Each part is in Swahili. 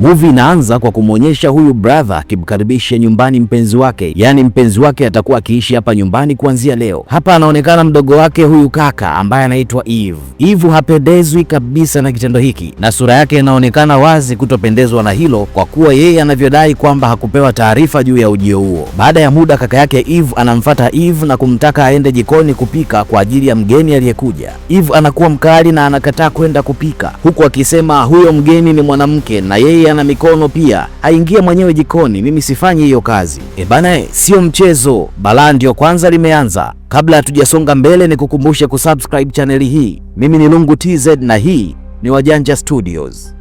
Movie inaanza kwa kumwonyesha huyu brother akimkaribisha nyumbani mpenzi wake, yaani mpenzi wake atakuwa akiishi hapa nyumbani kuanzia leo. Hapa anaonekana mdogo wake huyu kaka ambaye anaitwa Eve. Eve hapendezwi kabisa na kitendo hiki na sura yake inaonekana wazi kutopendezwa na hilo, kwa kuwa yeye anavyodai kwamba hakupewa taarifa juu ya ujio huo. Baada ya muda, kaka yake Eve anamfata Eve na kumtaka aende jikoni kupika kwa ajili ya mgeni aliyekuja. Eve anakuwa mkali na anakataa kwenda kupika, huku akisema huyo mgeni ni mwanamke na yeye na mikono pia, aingia mwenyewe jikoni, mimi sifanyi hiyo kazi. E bana, sio mchezo. Balaa ndio kwanza limeanza. Kabla hatujasonga mbele, ni kukumbushe kusubscribe chaneli hii. Mimi ni Lungu TZ na hii ni Wajanja Studios.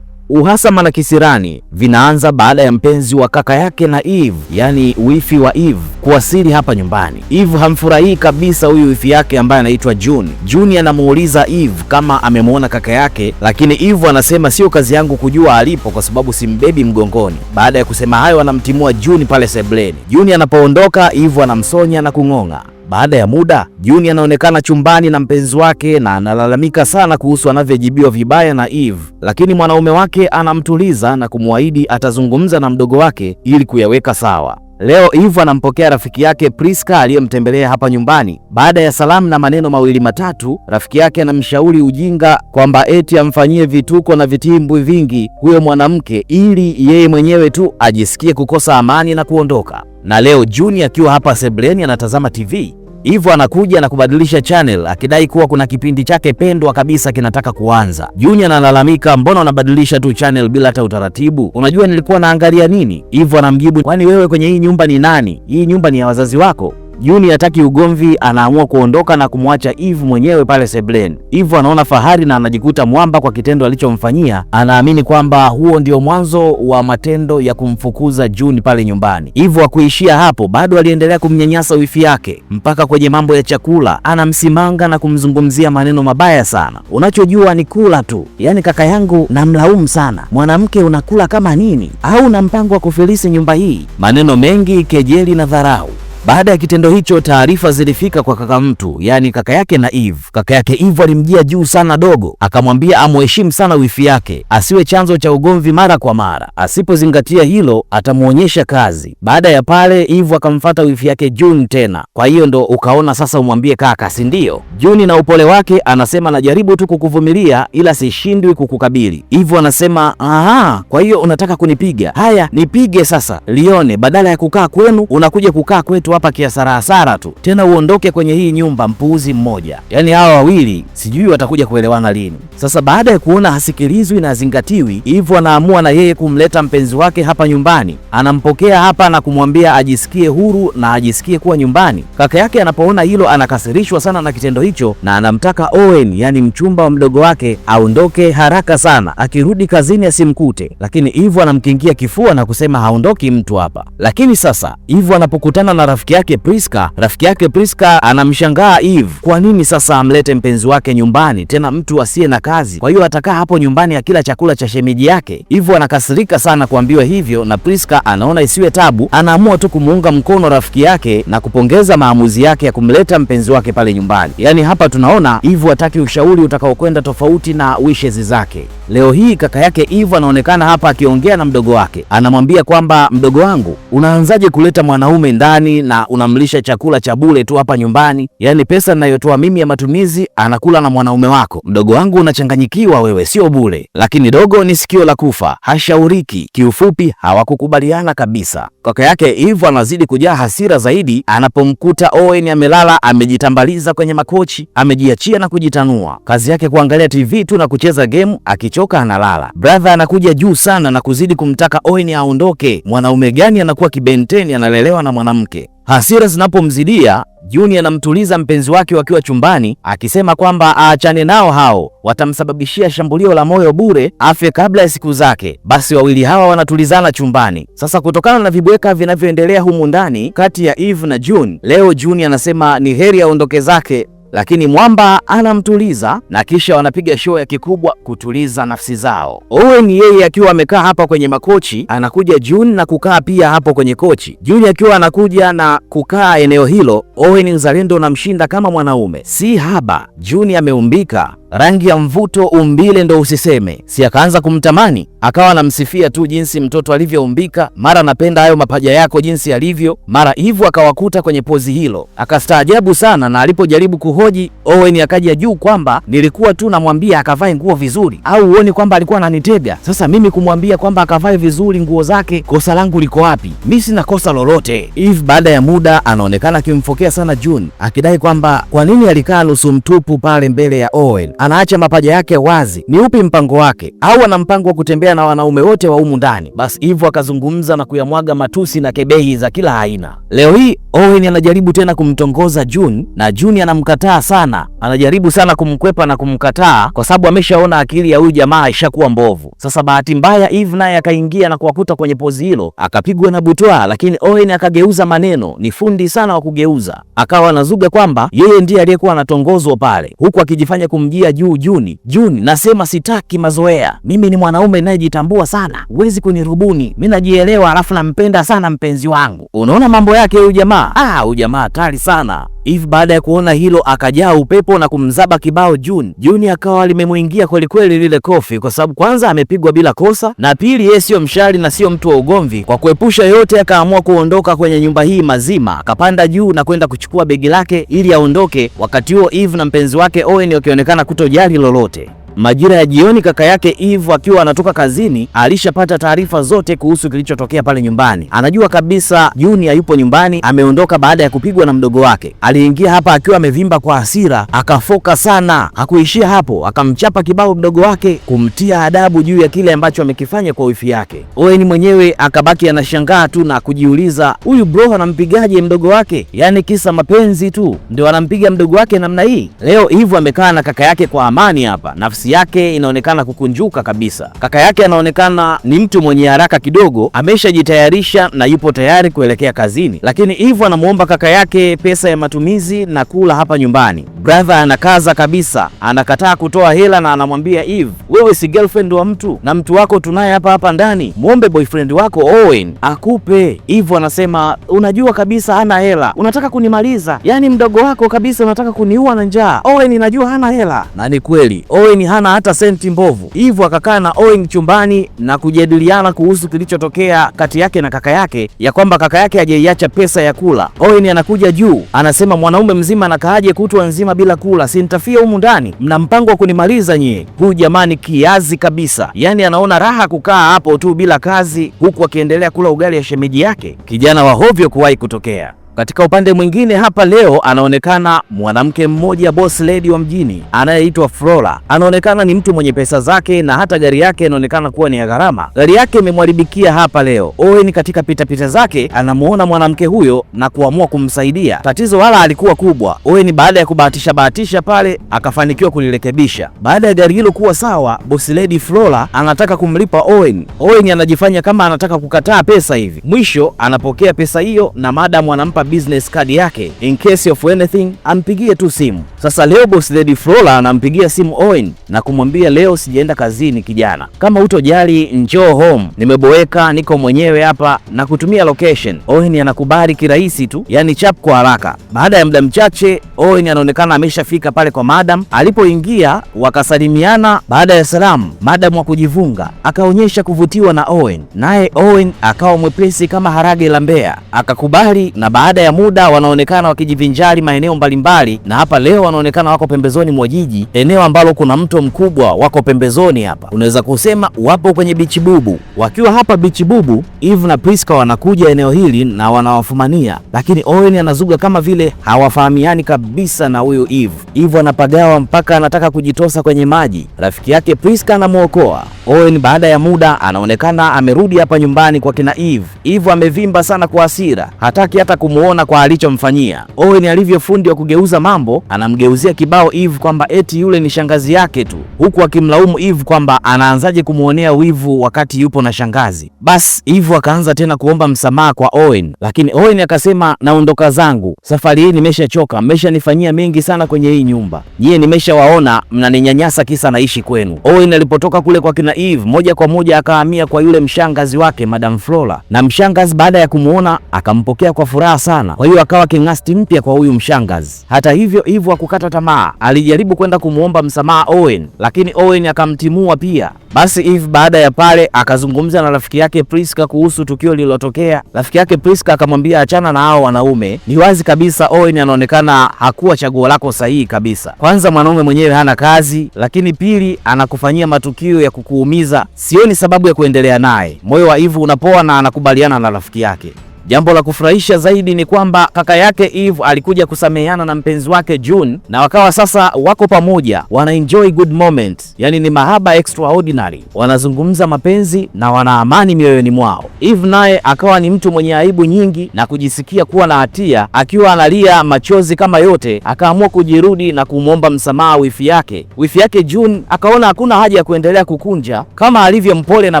Uhasama na kisirani vinaanza baada ya mpenzi wa kaka yake na Eve, yani wifi wa Eve kuwasili hapa nyumbani. Eve hamfurahii kabisa huyu wifi yake ambaye anaitwa June. June anamuuliza Eve kama amemwona kaka yake, lakini Eve anasema sio kazi yangu kujua alipo kwa sababu simbebi mgongoni. Baada ya kusema hayo, anamtimua June pale sebleni. June anapoondoka, Eve anamsonya na kung'ong'a. Baada ya muda, Juni anaonekana chumbani na mpenzi wake na analalamika sana kuhusu anavyojibiwa vibaya na Eve, lakini mwanaume wake anamtuliza na kumwahidi atazungumza na mdogo wake ili kuyaweka sawa. Leo Eve anampokea rafiki yake Priska aliyemtembelea hapa nyumbani. Baada ya salamu na maneno mawili matatu, rafiki yake anamshauri ujinga kwamba eti amfanyie vituko na vitimbwi vingi huyo mwanamke ili yeye mwenyewe tu ajisikie kukosa amani na kuondoka na leo Juni akiwa hapa sebleni anatazama TV, hivyo anakuja na kubadilisha channel akidai kuwa kuna kipindi chake pendwa kabisa kinataka kuanza. Juni analalamika, mbona unabadilisha tu channel bila hata utaratibu? Unajua nilikuwa naangalia nini? Hivyo anamjibu, kwani wewe kwenye hii nyumba ni nani? Hii nyumba ni ya wazazi wako. Juni hataki ugomvi, anaamua kuondoka na kumwacha Eve mwenyewe pale seblen Eve anaona fahari na anajikuta mwamba kwa kitendo alichomfanyia. Anaamini kwamba huo ndio mwanzo wa matendo ya kumfukuza Juni pale nyumbani. Eve hakuishia hapo, bado aliendelea kumnyanyasa wifi yake mpaka kwenye mambo ya chakula, anamsimanga na kumzungumzia maneno mabaya sana. Unachojua ni kula tu, yaani kaka yangu namlaumu sana, mwanamke unakula kama nini? Au una mpango wa kufilisi nyumba hii? Maneno mengi, kejeli na dharau. Baada ya kitendo hicho, taarifa zilifika kwa kaka mtu, yani kaka yake na Eve. Kaka yake Eve alimjia juu sana dogo, akamwambia amheshimu sana wifi yake, asiwe chanzo cha ugomvi mara kwa mara, asipozingatia hilo atamwonyesha kazi. Baada ya pale, Eve akamfata wifi yake June tena. Kwa hiyo ndo ukaona sasa umwambie kaka, si ndio? June na upole wake anasema najaribu tu kukuvumilia, ila sishindwi kukukabili. Eve anasema aha, kwa hiyo unataka kunipiga? Haya, nipige sasa lione, badala ya kukaa kwenu unakuja kukaa kwetu hapa kiasara asara tu, tena uondoke kwenye hii nyumba, mpuuzi mmoja. Yaani hawa wawili sijui watakuja kuelewana lini. Sasa baada ya kuona hasikilizwi na hazingatiwi, hivyo anaamua na yeye kumleta mpenzi wake hapa nyumbani, anampokea hapa na kumwambia ajisikie huru na ajisikie kuwa nyumbani. Kaka yake anapoona hilo anakasirishwa sana na kitendo hicho na anamtaka Owen, yani mchumba wa mdogo wake, aondoke haraka sana, akirudi kazini asimkute, lakini hivyo anamkingia kifua na kusema haondoki mtu hapa. Lakini sasa hivyo anapokutana na rafiki yake Priska. Rafiki yake Priska anamshangaa Eve, kwa nini sasa amlete mpenzi wake nyumbani, tena mtu asiye na kazi? Kwa hiyo atakaa hapo nyumbani akila chakula cha shemeji yake. Eve anakasirika sana kuambiwa hivyo na Priska, anaona isiwe tabu, anaamua tu kumuunga mkono rafiki yake na kupongeza maamuzi yake ya kumleta mpenzi wake pale nyumbani. Yaani hapa tunaona Eve hataki ushauri utakaokwenda tofauti na wishes zake. Leo hii kaka yake Eve anaonekana hapa akiongea na mdogo wake, anamwambia kwamba mdogo wangu, unaanzaje kuleta mwanaume ndani na unamlisha chakula cha bure tu hapa nyumbani. Yaani pesa ninayotoa mimi ya matumizi anakula na mwanaume wako. Mdogo wangu unachanganyikiwa wewe, sio bure. Lakini dogo ni sikio la kufa, hashauriki. Kiufupi hawakukubaliana kabisa. Kaka yake Ivo anazidi kujaa hasira zaidi anapomkuta Owen amelala amejitambaliza kwenye makochi, amejiachia na kujitanua. Kazi yake kuangalia TV tu na kucheza game, akichoka analala. Brother anakuja juu sana na kuzidi kumtaka Owen aondoke. Mwanaume gani anakuwa kibenteni analelewa na mwanamke? Hasira zinapomzidia, Juni anamtuliza mpenzi wake wakiwa chumbani, akisema kwamba aachane nao hao, watamsababishia shambulio la moyo bure, afe kabla ya siku zake. Basi wawili hawa wanatulizana chumbani. Sasa kutokana na vibweka vinavyoendelea humu ndani kati ya Eve na June, leo June anasema ni heri aondoke zake lakini Mwamba anamtuliza na kisha wanapiga show ya kikubwa kutuliza nafsi zao. Owen yeye akiwa amekaa hapa kwenye makochi, anakuja June na kukaa pia hapo kwenye kochi. June akiwa anakuja na kukaa eneo hilo, Owen mzalendo unamshinda kama mwanaume, si haba. June ameumbika rangi ya mvuto, umbile ndo usiseme. Si akaanza kumtamani, akawa anamsifia tu jinsi mtoto alivyoumbika, mara anapenda hayo mapaja yako jinsi yalivyo, mara hivyo. Akawakuta kwenye pozi hilo, akastaajabu sana, na alipojaribu kuhoji Owen akaja juu kwamba nilikuwa tu namwambia akavae nguo vizuri, au uoni kwamba alikuwa ananitega? Sasa mimi kumwambia kwamba akavae vizuri nguo zake, kosa langu liko wapi? Mi sina kosa lolote. Eve baada ya muda anaonekana akimfokea sana June, akidai kwamba kwa nini alikaa nusu mtupu pale mbele ya Owen anaacha mapaja yake wazi. Ni upi mpango wake? Au ana mpango wa kutembea na wanaume wote wa humu ndani? Basi hivyo akazungumza na kuyamwaga matusi na kebehi za kila aina. Leo hii Owen anajaribu tena kumtongoza June na June anamkataa sana, anajaribu sana kumkwepa na kumkataa kwa sababu ameshaona akili ya huyu jamaa ishakuwa mbovu. Sasa bahati mbaya Eve naye akaingia na kuwakuta kwenye pozi hilo, akapigwa na butwa, lakini Owen akageuza maneno. Ni fundi sana wa kugeuza, akawa anazuga kwamba yeye ndiye aliyekuwa anatongozwa pale, huku akijifanya kumjia juu Juni. Juni nasema sitaki mazoea. Mimi ni mwanaume ninayejitambua sana, huwezi kunirubuni. Mimi najielewa, alafu nampenda sana mpenzi wangu. Unaona mambo yake huyu jamaa, ah, huyu jamaa kali sana. Eve baada ya kuona hilo akajaa upepo na kumzaba kibao June. June akawa limemwingia kwelikweli lile kofi, kwa sababu kwanza amepigwa bila kosa, na pili yeye siyo mshari na siyo mtu wa ugomvi. Kwa kuepusha yote, akaamua kuondoka kwenye nyumba hii mazima, akapanda juu na kwenda kuchukua begi lake ili aondoke. Wakati huo Eve na mpenzi wake Owen wakionekana kutojali lolote. Majira ya jioni, kaka yake Eve akiwa anatoka kazini, alishapata taarifa zote kuhusu kilichotokea pale nyumbani. Anajua kabisa Juni hayupo nyumbani, ameondoka baada ya kupigwa na mdogo wake. Aliingia hapa akiwa amevimba kwa hasira, akafoka sana. Hakuishia hapo, akamchapa kibao mdogo wake kumtia adabu juu ya kile ambacho amekifanya kwa wifi yake. Owen mwenyewe akabaki anashangaa tu na kujiuliza, huyu bro anampigaje mdogo wake? Yaani kisa mapenzi tu ndio anampiga mdogo wake namna hii? Leo Eve amekaa na kaka yake kwa amani hapa nafsi kasi yake inaonekana kukunjuka kabisa. Kaka yake anaonekana ni mtu mwenye haraka kidogo, ameshajitayarisha na yupo tayari kuelekea kazini, lakini hivyo anamwomba kaka yake pesa ya matumizi na kula hapa nyumbani. Brother anakaza kabisa, anakataa kutoa hela na anamwambia Eve, wewe si girlfriend wa mtu na mtu wako tunaye hapa hapa ndani, mwombe boyfriend wako Owen akupe. Eve anasema unajua kabisa hana hela, unataka kunimaliza? Yaani mdogo wako kabisa unataka kuniua na njaa. Owen najua hana hela, na ni kweli Owen hana hata senti mbovu. Hivyo akakaa na Owing chumbani na kujadiliana kuhusu kilichotokea kati yake na kaka yake, ya kwamba kaka yake hajaiacha pesa ya kula. Owing anakuja juu, anasema mwanaume mzima anakaaje kutwa nzima bila kula? Si nitafia humu ndani? Mna mpango wa kunimaliza nyie? Huyu jamani kiazi kabisa, yaani anaona raha kukaa hapo tu bila kazi, huku akiendelea kula ugali ya shemeji yake. Kijana wa hovyo kuwahi kutokea. Katika upande mwingine hapa leo anaonekana mwanamke mmoja boss lady wa mjini anayeitwa Flora. Anaonekana ni mtu mwenye pesa zake na hata gari yake inaonekana kuwa ni ya gharama. Gari yake imemwaribikia hapa leo. Owen katika pitapita zake anamuona mwanamke huyo na kuamua kumsaidia. Tatizo wala alikuwa kubwa. Owen baada ya kubahatisha bahatisha pale akafanikiwa kulirekebisha. Baada ya gari hilo kuwa sawa, boss lady Flora anataka kumlipa Owen. Owen anajifanya kama anataka kukataa pesa hivi. Mwisho anapokea pesa hiyo na madam anampa hapa business card yake, in case of anything ampigie tu simu. Sasa leo boss Lady Flora anampigia simu Owen na kumwambia leo sijaenda kazini kijana, kama hutojali njoo home, nimeboeka niko mwenyewe hapa na kutumia location. Owen anakubali kirahisi tu, yani chap kwa haraka. Baada ya muda mchache, Owen anaonekana ameshafika pale kwa madam. Alipoingia wakasalimiana, baada ya salamu madam wa kujivunga akaonyesha kuvutiwa na Owen, naye Owen akawa mwepesi kama harage la mbea akakubali na baada baada ya muda wanaonekana wakijivinjari maeneo mbalimbali, na hapa leo wanaonekana wako pembezoni mwa jiji, eneo ambalo kuna mto mkubwa, wako pembezoni hapa, unaweza kusema wapo kwenye bichi bubu. Wakiwa hapa bichi bubu, Eve na Priska wanakuja eneo hili na wanawafumania, lakini Owen anazuga kama vile hawafahamiani kabisa na huyu Eve. Eve anapagawa mpaka anataka kujitosa kwenye maji, rafiki yake Priska anamwokoa Owen. Baada ya muda anaonekana amerudi hapa nyumbani kwa kina Eve. Eve amevimba sana kwa hasira, hataki hata kumu kuona kwa alichomfanyia. Owen alivyo fundi wa kugeuza mambo, anamgeuzia kibao Eve kwamba eti yule ni shangazi yake tu, huku akimlaumu Eve kwamba anaanzaje kumwonea wivu wakati yupo na shangazi. Basi Eve akaanza tena kuomba msamaha kwa Owen, lakini Owen akasema, naondoka zangu, safari hii nimeshachoka, mmeshanifanyia mengi sana kwenye hii nyumba, nyie nimeshawaona mnaninyanyasa kisa naishi kwenu. Owen alipotoka kule kwa kina Eve, moja kwa moja akahamia kwa yule mshangazi wake Madam Flora, na mshangazi baada ya kumwona akampokea kwa furaha sana sana, kwa hiyo akawa king'asti mpya kwa huyu mshangazi. Hata hivyo, hivyo hakukata tamaa, alijaribu kwenda kumwomba msamaha Owen, lakini Owen akamtimua pia. Basi Eve baada ya pale akazungumza na rafiki yake Priska kuhusu tukio lililotokea. Rafiki yake Priska akamwambia achana na hao wanaume, ni wazi kabisa Owen anaonekana hakuwa chaguo lako sahihi kabisa. Kwanza mwanaume mwenyewe hana kazi, lakini pili anakufanyia matukio ya kukuumiza. Sioni sababu ya kuendelea naye. Moyo wa Eve unapoa na anakubaliana na rafiki yake. Jambo la kufurahisha zaidi ni kwamba kaka yake Eve alikuja kusameheana na mpenzi wake June na wakawa sasa wako pamoja, wana enjoy good moment, yani ni mahaba extraordinary, wanazungumza mapenzi na wana amani mioyoni mwao. Eve naye akawa ni mtu mwenye aibu nyingi na kujisikia kuwa na hatia, akiwa analia machozi kama yote, akaamua kujirudi na kumwomba msamaha wifi yake. Wifi yake June akaona hakuna haja ya kuendelea kukunja, kama alivyo mpole na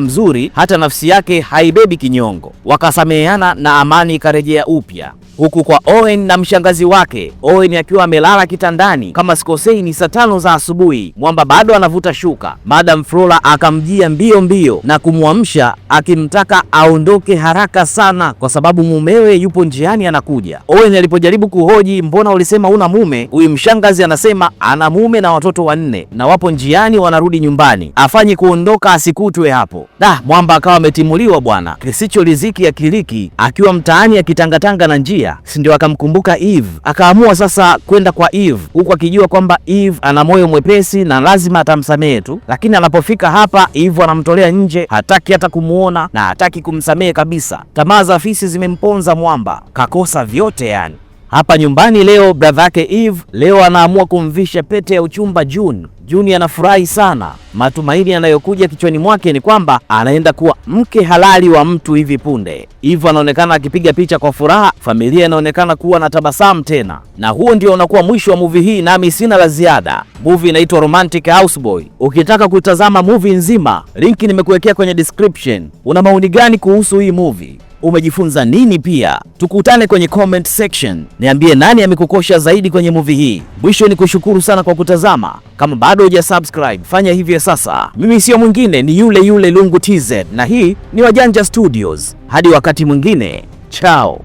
mzuri, hata nafsi yake haibebi kinyongo. Wakasameheana na na amani ikarejea upya, huku kwa Owen na mshangazi wake, Owen akiwa amelala kitandani kama sikosei, ni saa tano za asubuhi, mwamba bado anavuta shuka. Madam Flora akamjia mbio mbio na kumwamsha akimtaka aondoke haraka sana, kwa sababu mumewe yupo njiani anakuja. Owen alipojaribu kuhoji, mbona ulisema una mume? Huyu mshangazi anasema ana mume na watoto wanne na wapo njiani wanarudi nyumbani, afanye kuondoka asikutwe hapo. Da, mwamba akawa ametimuliwa bwana, kisicho riziki ya kiliki aki akiwa mtaani akitangatanga na njia, si ndio akamkumbuka Eve, akaamua sasa kwenda kwa Eve huku akijua kwamba Eve ana moyo mwepesi na lazima atamsamehe tu, lakini anapofika hapa Eve anamtolea nje, hataki hata kumuona na hataki kumsamehe kabisa. Tamaa za fisi zimemponza mwamba, kakosa vyote yani hapa nyumbani leo. Bradha yake Eve leo anaamua kumvisha pete ya uchumba June. June anafurahi sana. Matumaini yanayokuja kichwani mwake ni kwamba anaenda kuwa mke halali wa mtu hivi punde. Eve anaonekana akipiga picha kwa furaha, familia inaonekana kuwa na tabasamu tena, na huo ndio unakuwa mwisho wa movie hii, nami sina la ziada. Movie inaitwa Romantic Houseboy. Ukitaka kutazama movie nzima, linki nimekuwekea kwenye description. Una maoni gani kuhusu hii movie? umejifunza nini? Pia tukutane kwenye comment section, niambie nani amekukosha zaidi kwenye movie hii. Mwisho ni kushukuru sana kwa kutazama. Kama bado huja subscribe, fanya hivyo sasa. Mimi sio mwingine, ni yule yule Lungu TZ, na hii ni Wajanja Studios. Hadi wakati mwingine, chao.